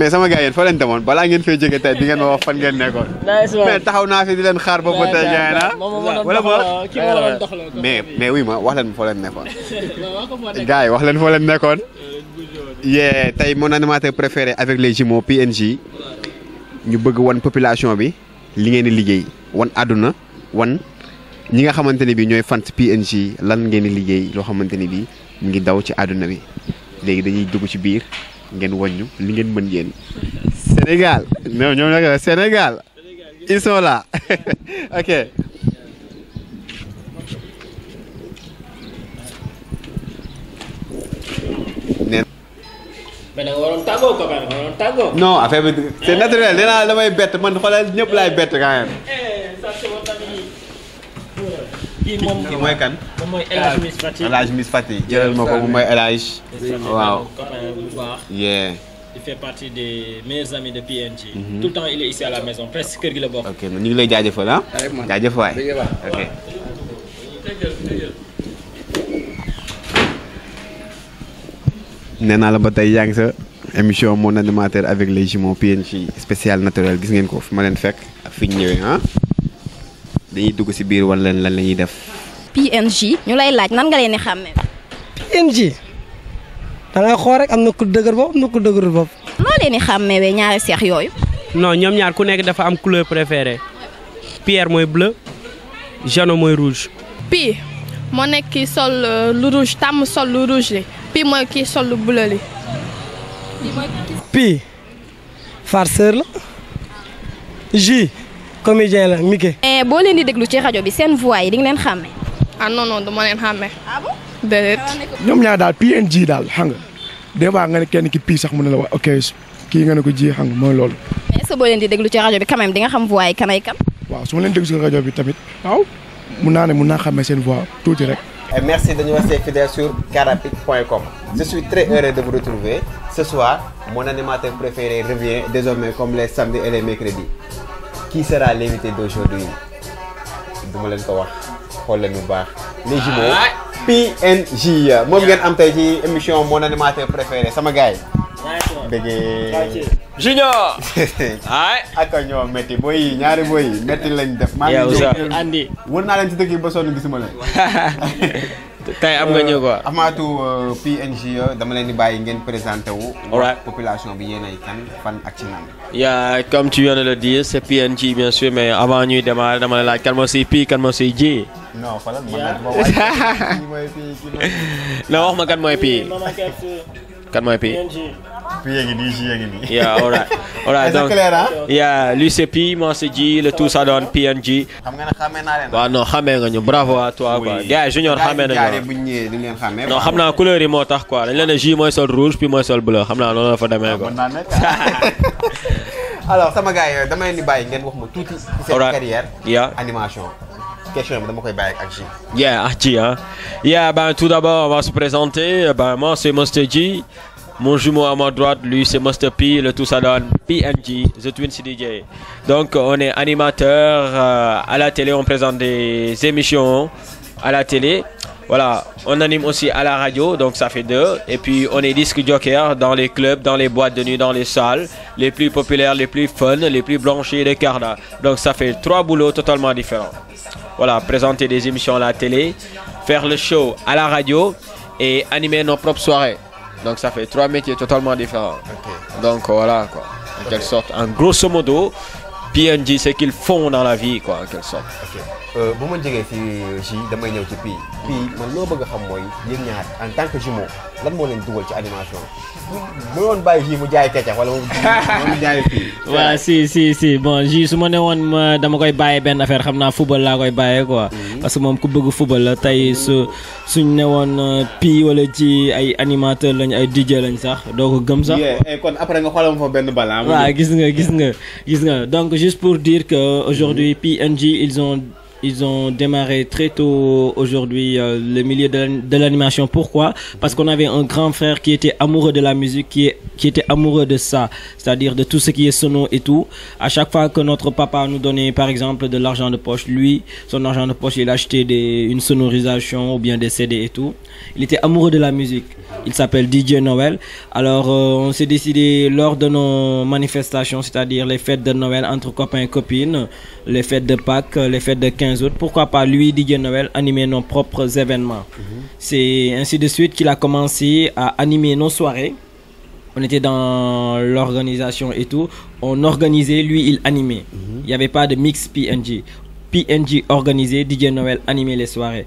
mais sama gars yéen fa leen demoon balaa ngeen fee jógee tey di ngeen ma wax fan ngeen nekkoon. mais taxaw naa fi di leen xaar ba ba tey jaay naa. wala mais mais oui ma wax leen foo leen nekkoon. gars yi wax leen foo leen nekkoon. yee tey mon animateur préféré avec les jumeaux PNJ ñu bëgg wan population bi li ngeen di liggéey wan àdduna wan ñi nga xamante ne bii ñooy fans PNJ lan ngeen di liggéey loo xamante ne bii mu ngi daw ci àdduna bi léegi dañuy dugg ci biir. ngeen wàññu li ngeen mën yéen Sénégal non ñoom nag Sénégal ils sont là ok. mais da nga waroon tàggoo ko ba naturel nee damay bett man xoolal ñëpp lay bett quand qui il fait partie des meilleurs amis de PNG. Mhm. tout le temps il est ici à la maison presque kër gi la ok ngi lay ah? ok. mon animateur avec les jumeaux PNG spécial naturel dañuy dugg si biir wan leen lan la ñuy def. PNG ñu lay laaj nan nga leen di xàmmee. PNG da ngay xool rek am na ku dëgër bopp am na ku dëgërul bopp. noo leen di xàmmee ñaari seex yooyu. noo ñoom ñaar ku nekk dafa am couleur préférée Pierre mooy bleu Jeannot mooy rouge. Pi moo nekk kii sol euh, lu rouge tàmm sol lu rouge li Pi mooy kii sol lu bleu li. Pi farceur la. J. comédien là, Mickey. mais eh, boo leen di déglu ci rajo bi seen voix yi di nga leen ah non non du ma leen xàmme. ah bon déedéet. ñoom ñaar daal PNG dal, xam nga des fois nga ne kenn ki pii sax mu ne la wax ok kii nga ne ko ji xam nga mooy mais est ce que boo leen di déglu ci rajo bi quand même di nga xam voix yi kan ay kan. waaw su ma leen déglu ci rajo bi tamit waaw mun naa ne mun naa xàmme seen voix tuuti rek. Et eh, merci de nous rester fidèles sur carapic.com. Je suis très heureux de vous retrouver. Ce soir, mon animateur préféré revient désormais comme les samedis et les mercredis. qui sera l'invité d'aujourd'hui duma leen ko wax xool leen bu baax les jumeaux ah, PNJ moom ngeen am tey ci émission mon animateur préféré sama gars yi déggee junior ay ah, ak ñoo métti boy ñaari boy yi lañu def maa ngi andi wër naa leen ci dëkk yi ba sonn gisuma leen tay am nga ñëw quoi amatu uh, png uh, dama leen di bàyyi ngeen présenté wu population bi yéen ay kan fan ak ci nan ya comme tu viens de le dire c'est png bien sûr mais avant ñuy démarré dama lay laaj kan moo siy pii kan moo siy ji non fa la man nag mooy pii non wax ma kan mooy pii kan mooy pii yeah, alright, right. All right, donc, hein? yeah, l'UCP, moi, c'est G, le tout ça donne PNG. Bah, non, xamé nga ñu bravo à toi oui. quoi. Gars, junior xamé non, Gars, bu ñëwé Non, couleur yi moo quoi. Dañ leen G mooy sol rouge puis c'est le bleu. Xam non, loolu la fa démé quoi. Ah, ah. Alors, sama gars, dama leen di bàyyi ngeen wax ma tuuti carrière. Yeah. Animation. question Yeah, ah, G, hein. Ah. Yeah, ben tout d'abord, on va se présenter. Ben moi, c'est Monster G. Mon jumeau à ma droite, lui, c'est Master P, le tout ça donne PNG, The Twin CDJ. Donc, on est animateur euh, à la télé, on présente des émissions à la télé. Voilà, on anime aussi à la radio, donc ça fait deux. Et puis on est disque joker dans les clubs, dans les boîtes de nuit, dans les salles, les plus populaires, les plus fun, les plus blanchis de carna Donc ça fait trois boulots totalement différents. Voilà, présenter des émissions à la télé, faire le show à la radio et animer nos propres soirées. Donc ça fait trois métiers totalement différents. Donc voilà quoi. En quelque sorte, en grosso modo, PNJ, c'est qu'ils font dans la vie quoi, en quelque sorte. Euh, bu ma jógee si J damay ñëw ci Pi. Pi man loo bëgg xam mooy yéen ñaar en tant que jumeau lan moo leen dugal ci animation bu doon bàyyi J mu si si si bon J su ma ne woon dama koy bàyyi benn affaire xam naa football laa koy bàyyee quoi. Mhm. parce que moom ku bëgg football la suñ ne woon euh, Pi wala ci ay animateur lañ ay DJ lañ sax doo ko gëm sax. Eh, kon après nga xoolal ma fa benn bal. Ah, waaw gis nga gis nga gis nga donc juste pour dire que aujourd'hui PNG ils ont. ils ont démarré très tôt aujourd'hui euh, le milieu de l'animation. Pourquoi Parce qu'on avait un grand frère qui était amoureux de la musique, qui, était amoureux de ça, c'est-à-dire de tout ce qui est sono et tout. À chaque fois que notre papa nous donnait, par exemple, de l'argent de poche, lui, son argent de poche, il achetait une sonorisation ou bien des CD et tout. Il était amoureux de la musique. Il s'appelle DJ Noël. Alors, euh, on s'est décidé lors de nos manifestations, c'est-à-dire les fêtes de Noël entre copains et copines, les fêtes de Pâques, les fêtes de 15 autres pourquoi pas lui, Didier Noël, animer nos propres événements. C'est ainsi de suite qu'il a commencé à animer nos soirées. On était dans l'organisation et tout. On organisait, lui, il animait. Il n'y avait pas de mix PNG. PNG organisé, Didier Noël animait les soirées.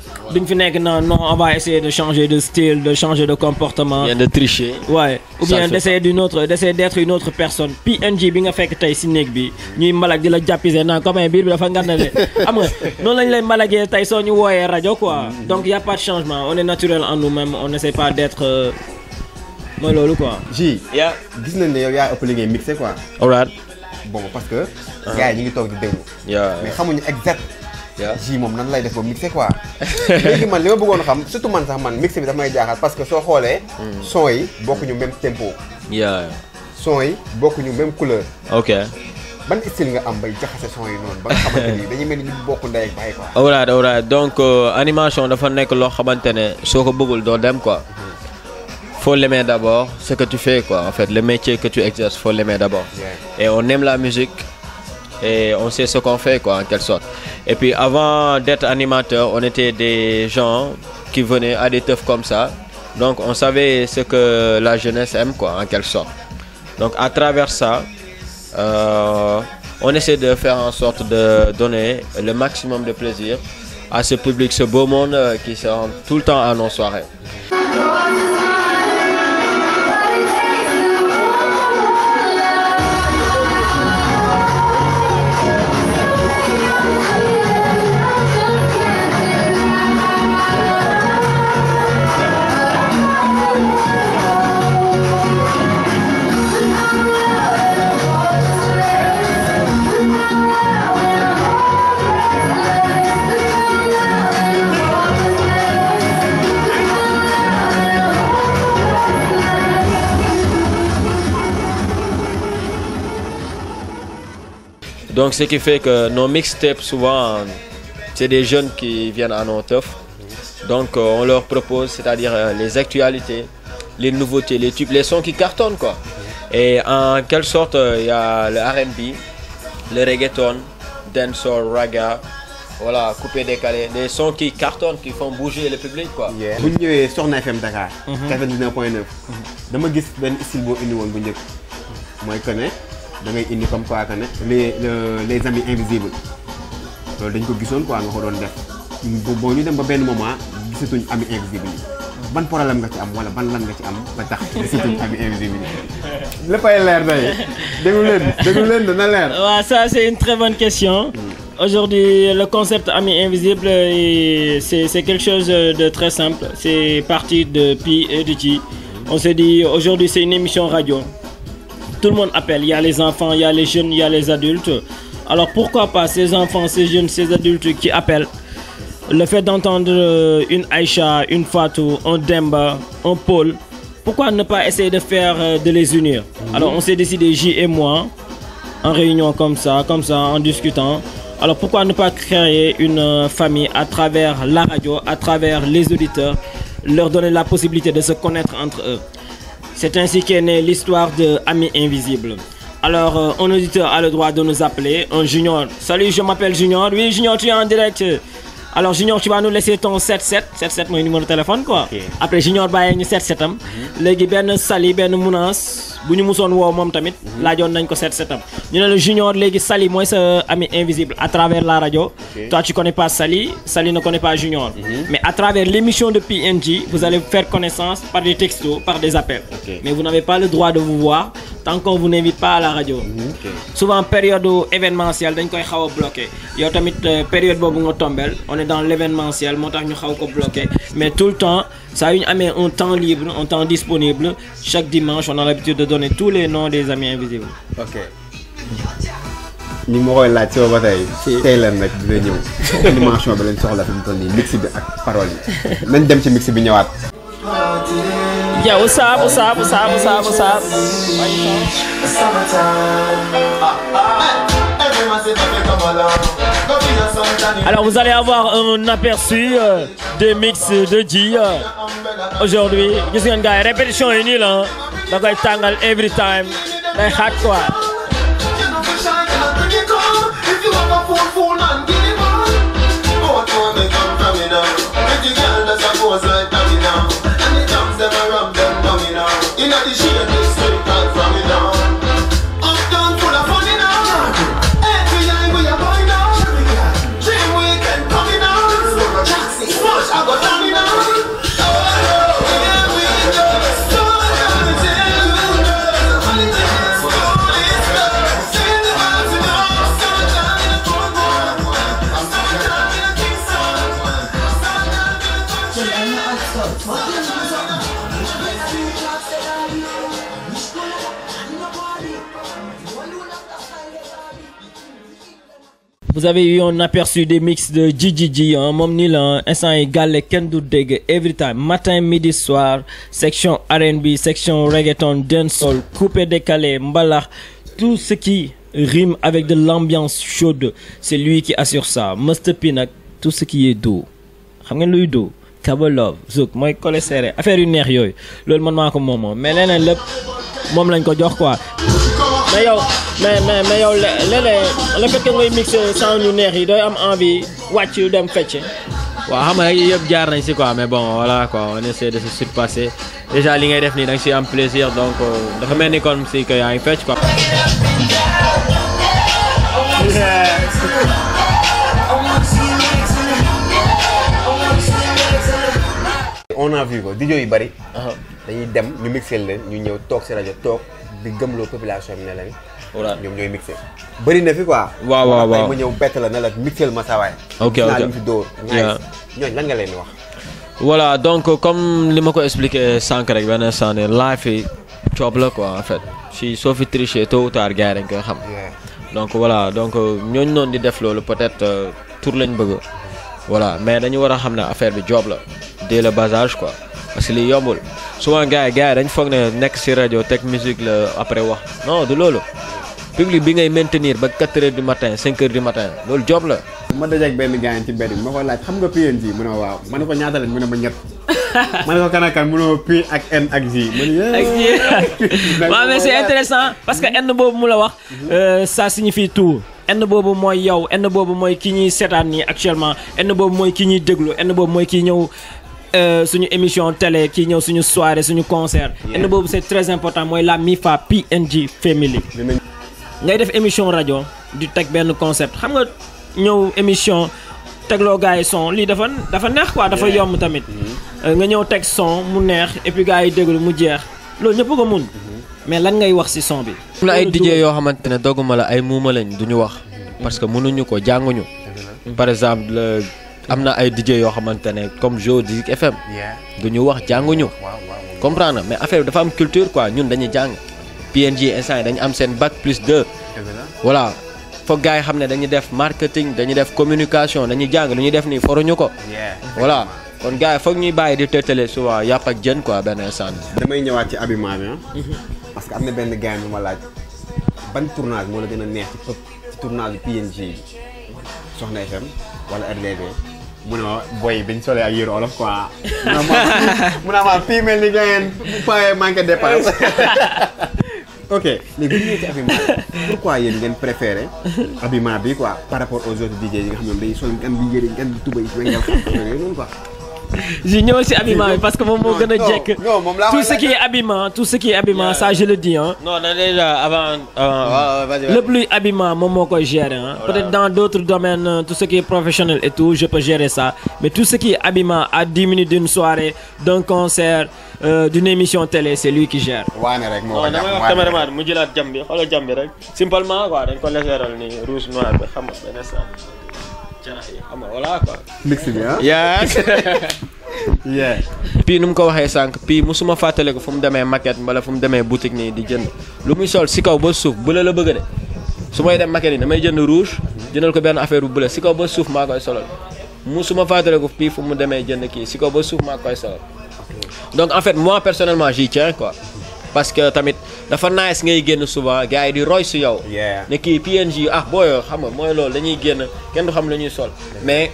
duñ fi nekk non non on va essayer de changer de style de changer de comportement. bien de tricher. ouais ou bien d'essayer d'une autre d'essayer d'être une autre personne PNG bi nga que tey si néeg bi ñuy malak de la jàppise non comme biir bi dafa fin de Non là il lañ lay de tey son ñu wooyee radio quoi donc il y a pas de changement on est naturel en nous-mêmes on n'essaie pas d'être euh, moi loolu quoi. ji. Yeah. gis nañ ne yow yaa ëpp mixé quoi. Alright. bon parce que. gars yi une ngi de di Yeah. mais xamuñu exact waaw jus moom nan lay def ba mixé quoi. léegi man li ma bëggoon xam surtout man sax man mixé bi daf may jaaxal parce que soo xoolee. Hmm. son yi bokkuñu même tempo. yaa son yi bokkuñu même couleur. ok. ban style nga am bay jaxase son yi noonu ba nga xamante ni dañuy mel ni ñu bokk nday ak baay quoi. alright alright donc euh, animation dafa nekk loo xamante ne soo ko bëggul doo dem quoi. Hmm. faut l'aimer d'abord ce que tu fais quoi en fait le métier que tu exerces faut l'aimer d'abord. et on aime la musique et on sait ce qu'on fait quoi en quelque sorte. Et puis avant d'être animateur, on était des gens qui venaient à des teufs comme ça. Donc on savait ce que la jeunesse aime quoi en quelque sorte. Donc à travers ça, euh, on essaie de faire en sorte de donner le maximum de plaisir à ce public, ce beau monde euh, qui se rend tout le temps à nos soirées. Donc, ce qui fait que nos mixtapes, souvent, c'est des jeunes qui viennent à notre teufs. Donc, euh, on leur propose, c'est-à-dire euh, les actualités, les nouveautés, les tubes, les sons qui cartonnent, quoi. Et en quelle sorte, euh, il y a le RB, le reggaeton, dancehall, raga, voilà, coupé décalé, des sons qui cartonnent, qui font bouger le public quoi. FM Dakar. 99.9. Mhm. Je dangay indi comme quoi que les les amis invisibles loolu dañ ko gissone quoi nga ko doon def bo ñu dem ba ben moment gisatuñ ami invisible yi ban problème nga ci am wala ban lan nga ci am ba tax gisatuñ ami invisible yi le leer day déglu leen déglu leen dana leer waaw ça c'est une très bonne question hmm. aujourd'hui, le concept ami invisible, c'est quelque chose de très simple. C'est parti de Pi et de G. On s'est dit, aujourd'hui, c'est une émission radio tout le monde appelle. Il y a les enfants, il y a les jeunes, il y a les adultes. Alors pourquoi pas ces enfants, ces jeunes, ces adultes qui appellent Le fait d'entendre euh, une Aïcha, une Fatou, un Demba, un Paul, pourquoi ne pas essayer de faire euh, de les unir mhm. Alors on s'est décidé, J et moi, en réunion comme ça, comme ça, en discutant. Alors pourquoi ne pas créer une euh, famille à travers la radio, à travers les auditeurs, leur donner la possibilité de se connaître entre eux c'est ainsi qu'est née l'histoire de Ami Invisible. Alors, euh, un auditeur a le droit de nous appeler, un junior. Salut, je m'appelle Junior. Oui, Junior, tu es en direct. Alors, Junior, tu vas nous laisser ton 77. 77, mon numéro de téléphone, quoi. Après, Junior, bah, 77. Hein. Mm -hmm. ben Sali, ben Mounas, vous ñu woo moom tamit. Mhm. laajoon nañ ko set ñu ne junior léegi Sali mooy sa ami invisible à travers la radio. toi tu connais pas Sali Sali ne connaît pas Junior. Mhm. mais à travers l'émission de PNJ vous allez faire connaissance par des textos par des appels. mais vous n'avez pas le droit de vous voir tant qu'on vous invite pas à la radio. Mhm, souvent période événementielle dañ koy xaw a bloqué tamit euh, période nga on est dans l'événementiel moo ñu xaw bloqué mais tout le temps. Ça yu ñu un temps libre un temps disponible chaque dimanche on a l'habitude de donner tous les noms des amis invisibles. ok Ni ma koy la soo ba tey. tey lan nag dina ñëw. dimension bi lañ soxla fi mu toll nii mix bi ak parole yi nañ dem ci mix bi ñëwaat. Yeah, what's up, what's up, what's up, what's up, what's up? Alors vous allez avoir un aperçu euh, des mix de G euh, aujourd'hui. gars répétition est nulle hein every time Mais hardcore. vous avez eu un aperçu des mix de GGG hein, Mom Nilan, instant yi gàlle kenn every time matin midi soir section R&B section reggaeton dancehall coupé décalé mbala tout ce qui rime avec de l'ambiance chaude c'est lui qui assure ça Master Pina, tout ce qui est doux xam luy doux kabalove zouk moi, collé serré affaire une une yooyu le moment comme ko mais leneen lépp lañ ko quoi mais mais mais yow léeg-léeg le fait que ngay mixer euh, sound yu neex yi dooy am envie wàcc yu dem fecc waaw xam nga yëpp jaar nañ si quoi mais bon voilà quoi on essaie de se surpasser déjà li ngay def nii da nga am plaisir donc euh, dafa mel ni kon si que yaa ngi quoi. on a vu ko DJ yu bari. Uh-huh. dañuy dem ñu mixel leen ñu ñëw toog si rajo toog di gëmloo population bi ne leen. voilà ñoom ñooy mixé bëri na fi quoi waaw waaw waaw ma ñëw bett la ne la mixel ma sawaay ok ok ñu fi door ñooñ lan nga leen wax voilà donc comme li ma ko expliquer sank rek benn instant ne life yi coob la quoi en fait si soo fi triché tôt ou tard gars yi xam donc voilà donc ñooñu non di def lolu peut-être euh, tour lañ bëgg voilà mais dañu wara a xam ne affaire bi job la dès le bas âge quoi parce que lii yombul souvent gars yi gars yi dañ foog ne nekk si rajo teg musique la après wax non du lolu public bi ngay maintenir ba 4 heures du matin 5 heures du matin loolu job la. ma dajeeg benn gaañ ci mbedd bi ma ko laaj xam nga PNG mu ne ma waaw ma ne ko ñaata lañ mu ne ma ñett ma ne ko kan ak kan mu ne ma P ak N ak J. ak J waaw mais c'est intéressant parce que N boobu mu la wax. Euh, ça signifie tout. enn boobu mooy yow enn boobu mooy ki ñuy seetaan nii actuellement enn boobu mooy ki ñuy déglu enn boobu mooy ki ñëw euh, suñu émission télé ki ñëw suñu soirée suñu concert enn boobu c'est très important mooy la MIFA PNG Family ngay def émission radio di teg benn concept xam nga ñëw émission tegloo gars yi son lii dafa dafa neex quoi dafa yomb tamit mm-hmm. euh, nga ñëw teg son mu neex et puis gars yi déglu mu jeex ko mm-hmm. mais lan ngay wax ci son bi la ay DJ yoo xamante ne la ay muuma lañ duñu wax parce que mënuñu ko jànguñu par exemple am ay DJ yoo xamante comme FM duñu wax jànguñu comprendre mais affaire dafa am culture quoi ñun dañuy PNG instant yi dañu am seen bac plus 2. voilà foog gars xam ne dañuy def marketing dañuy def communication dañuy jàng lu ñuy def nii foruñu ko. voilà kon gars yi foog ñuy bàyyi di tëtale souvent yàpp ak jën quoi benn instant damay ñëwaat ci habillement bi ah. mhm. parce que am na benn gars bu ma laaj ban tournage moo la gën a neex ci pëp ci tournage PNG bi Soxna FM wala RDB. mu ne ma boy biñ solee ak yëru olof quoi mu ne ma fii ni nga bu pawee manqué dépense ok léegi bu ñu ci Abima pourquoi yéen ngeen préféré Abima bi quoi par rapport aux autres DJ yi nga xam ne dañuy sol ngeen di yëre ngeen di tubay ngeen xam yooyu noonu quoi. J'ignore ñëw si habillement parce que moom moo gën a jekk. tout ce qui est habillement tout ce qui est habillement ça je le dis Hein. non non déjà avant. Euh, le plus habillement moom moo koy gérer peut-être dans d'autres domaines euh, tout ce qui est professionnel et tout je peux gérer ça mais tout ce qui est habillement à 10 minutes d'une soirée d'un concert euh, d'une émission télé c'est lui qui gère. waane rek moo koy wax caméraman mu jëlaat jam bi rek. simplement quoi dañ ko leseeral ni rouge noir xam ama voilà quoi. mix bi ah. yes. yeah. pii nu mu ko waxee sànq pii mu musuma fàttale ko fu mu demee maquette wala fu mu demee boutique nii di jënd lu muy sol si kaw ba suuf bële la bëgg de su may dem maquette yi damay jënd rouge jëndal ko benn affaire bu bële si kaw ba suuf maa koy solal suma fàttale ko pii fu mu demee jënd kii si kaw ba suuf maa koy solal donc en fait moi personnellement j'y tiens quoi. parce que tamit dafa nice ngay génn souvent gars yi di roy su yow. ne kii PNG ah booyoo xam nga mooy loolu dañuy génn kenn du xam lu ñuy sol. mais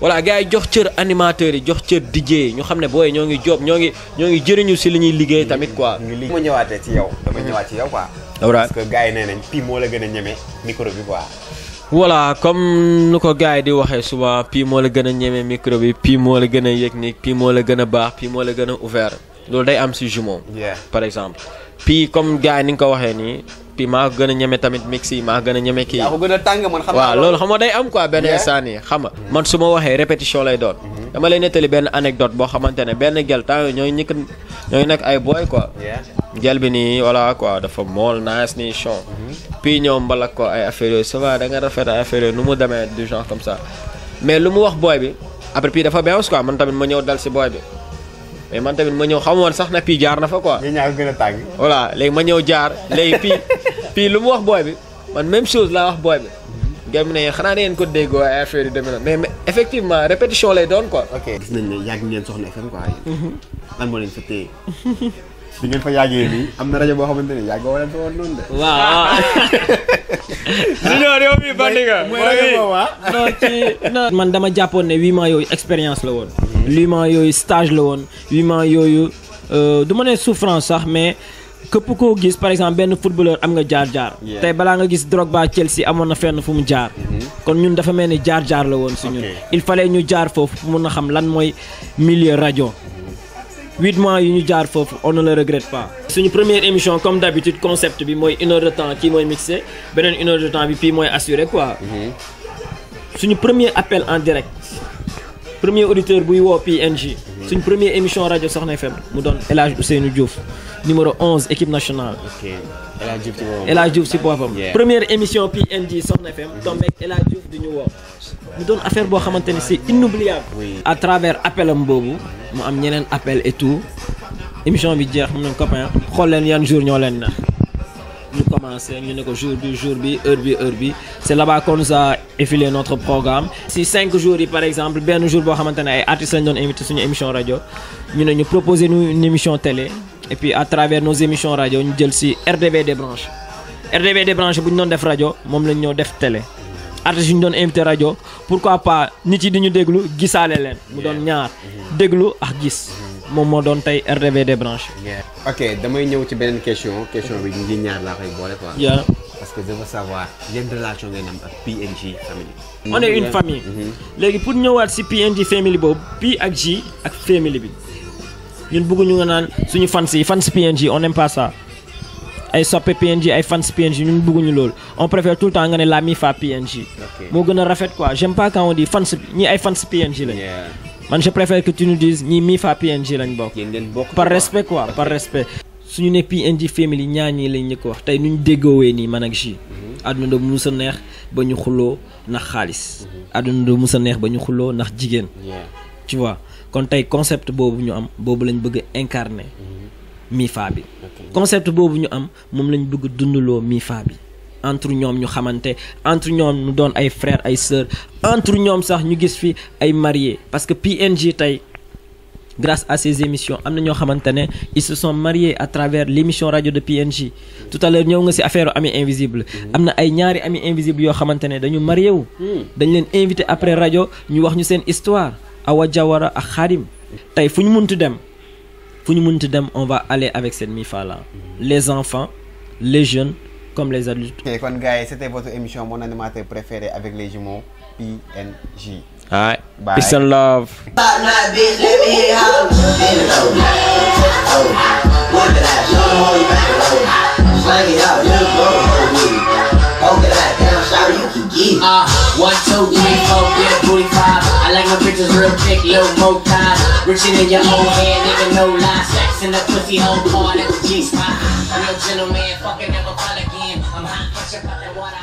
voilà gars yi jox cër animateurs yi jox cër DJ yi ñu xam ne booy ñoo ngi job ñoo ngi ñoo ngi jëriñu si li ñuy liggéey tamit quoi. li ma ñëwaatee ci yow. dama ñëwaat ci yow quoi. parce yi nee nañ Pi moo la gën a ñeme micro bi quoi. comme nu ko gars yi di waxee souvent Pi moo la gën a ñeme micro bi moo la gën a yëg nii Pi moo la gën a baax Pi moo la gën a ouvert. loolu day am si jumeau. par exemple. puis comme gars ni nga ko waxee nii. puis maa ko gën a ñeme tamit mix yi maa gën a ñeme kii. yaa a tàng man waaw loolu xam nga day am quoi benn instant yi xam nga. Mm-hmm. man su ma waxee répétition lay doon. Mm-hmm. dama lay nettali benn anecdote boo xamante ne benn gel temps yooyu ñooy ñëkk ñooy nekk ay boy quoi. gel bi nii voilà quoi dafa mool nice nii chon. Mm-hmm. puis ñëw mbalak ko ay affaire yooyu ça va rafet ay affaire nu mu demee du genre comme ça mais lu mu wax boo bi après puis tamit ma ñëw dal si boy bi. mais man tamit ma ñëw xamoon sax na pii jaar na fa quoi. ñi ñaar gën a tàng. voilà léegi ma ñëw jaar léegi pii pii lu mu wax booy bi man même chose laa wax booy bi. gars bi ne xanaa ngeen ko déggoo ay mais mais effectivement lay doon quoi. gis nañ ne yàgg ngeen Soxna FM quoi. Mhm. lan moo leen fa téye. bi ngeen fa yàggee nii am na rajo boo xamante ne yàggoo leen fa woon noonu de. waaw. man dama jàppoon ne huit mois yooyu expérience la woon. Lui mois eu stage la Lui euh, m'a eu de mon souffrance sax mais pour qu'on gis par exemple ben footballeur am nga jar jar tay bala nga gis Drogba Chelsea amoon na fenn fu jar mm-hmm. kon ñun dafa melni jar jar la won si ñun il fallait ñu Jar fofu pour mun xam lan moy milieu radio huit mois yu ñu Jar fofu on ne le regrette pas suñu première émission comme d'habitude concept bi moy une heure de temps qui moy mixé benen une heure de temps bi fii moy assuré quoi mm-hmm. suñu premier appel en direct premier auditeur buy PNJ, c'est une première émission Radio Soxna FM mu doon El Hadj Ousseynou Diouf numéro 11 équipe nationale. Ok, Hadj Diouf pour boppam première émission PNJ Soxna FM tombeeg El Hadj Diouf mu affaire bo xamante c'est inoubliable. à travers appel am boobu mu am ñeneen appel et tout émission bi jeex mu copain xol leen yane jour ñoo leen commencé nous ne ko jour bi jour bi heure bi heure bi c'est là-bas qu'on nous a effilé notre programme si cinq jours yi par exemple ben jour boo xamante ay artistes lañ doon invité suñu émission radio. ñu ne ñu proposer nous une émission télé et puis à travers nos émissions radio, ñu jël si RDV des branches RDV des branches bu ñu doon def nous moom lañ ñoo def télé artistes yu ñu doon invité radio. pourquoi pas nit yi di ñu déglu gisaale leen mu doon ñaar déglu ak gis moom moo doon tey RDV débranché. ok damay ñëw ci beneen question question bi ñu ngi ñaar laa koy boole quoi. yaa parce que je veux savoir yan relation ngeen am ak PNG family. on une famille. Mm-hmm. léegi pour ñëwaat si PNG family boobu P ak J ak family bi ñun bëgguñu nga naan suñu fans yi fans PNG on n'aime ay soppe PNG ay fans PNG ñun bëgguñu lool on préfère tout le temps nga ne la mi fa PNG. moo gën a rafet quoi j'aime pas quand on dit fans ñi ay fans PNG lañ. man je préfère que tu nous dises ni mi faa PNG lañ bokk. par respect quoi par respect. suñu ne PNG family ñaar lañ ñu ko wax tay nuñ déggowé ni man ak ji. aduna mhm. do musa neex bañu ñu xuloo ndax aduna mhm. do neex bañu tu vois kon tay concept bobu ñu am bobu lañ bëgg incarner. Mhm. mi fa bi. concept bobu ñu am mom lañ bëgg dundulo mi fa bi entre ñoom ñu xamante entre ñoom ñu doon ay frères ay sœurs entre ñoom sax ñu gis fi ay mariés parce que PNG tey grâce à ces émissions am na ñoo ils se sont mariés à travers l'émission radio de PNG. tout à l'heure ñëw nga ci affaire ami invisible mhm. am na ay ñaari ami invisible yoo xamante ne dañu marié wu hmm. dañ leen invité après rajo ñu wax ñu seen histoire Awa Jawara ak Xaadim tey fu ñu muntu dem fu ñu muntu dem on va aller avec cette MIFA là hmm. les enfants les jeunes comme les adultes. ok kon c'était votre émission mon animateur préféré avec les jumeaux PNJ. alright peace and love. Uh, one, two, three, four, booty five. I like my real thick, little Richer than your old head, nigga, no lie. Sex in the pussy G spot. gentleman, fucking never Check out that water.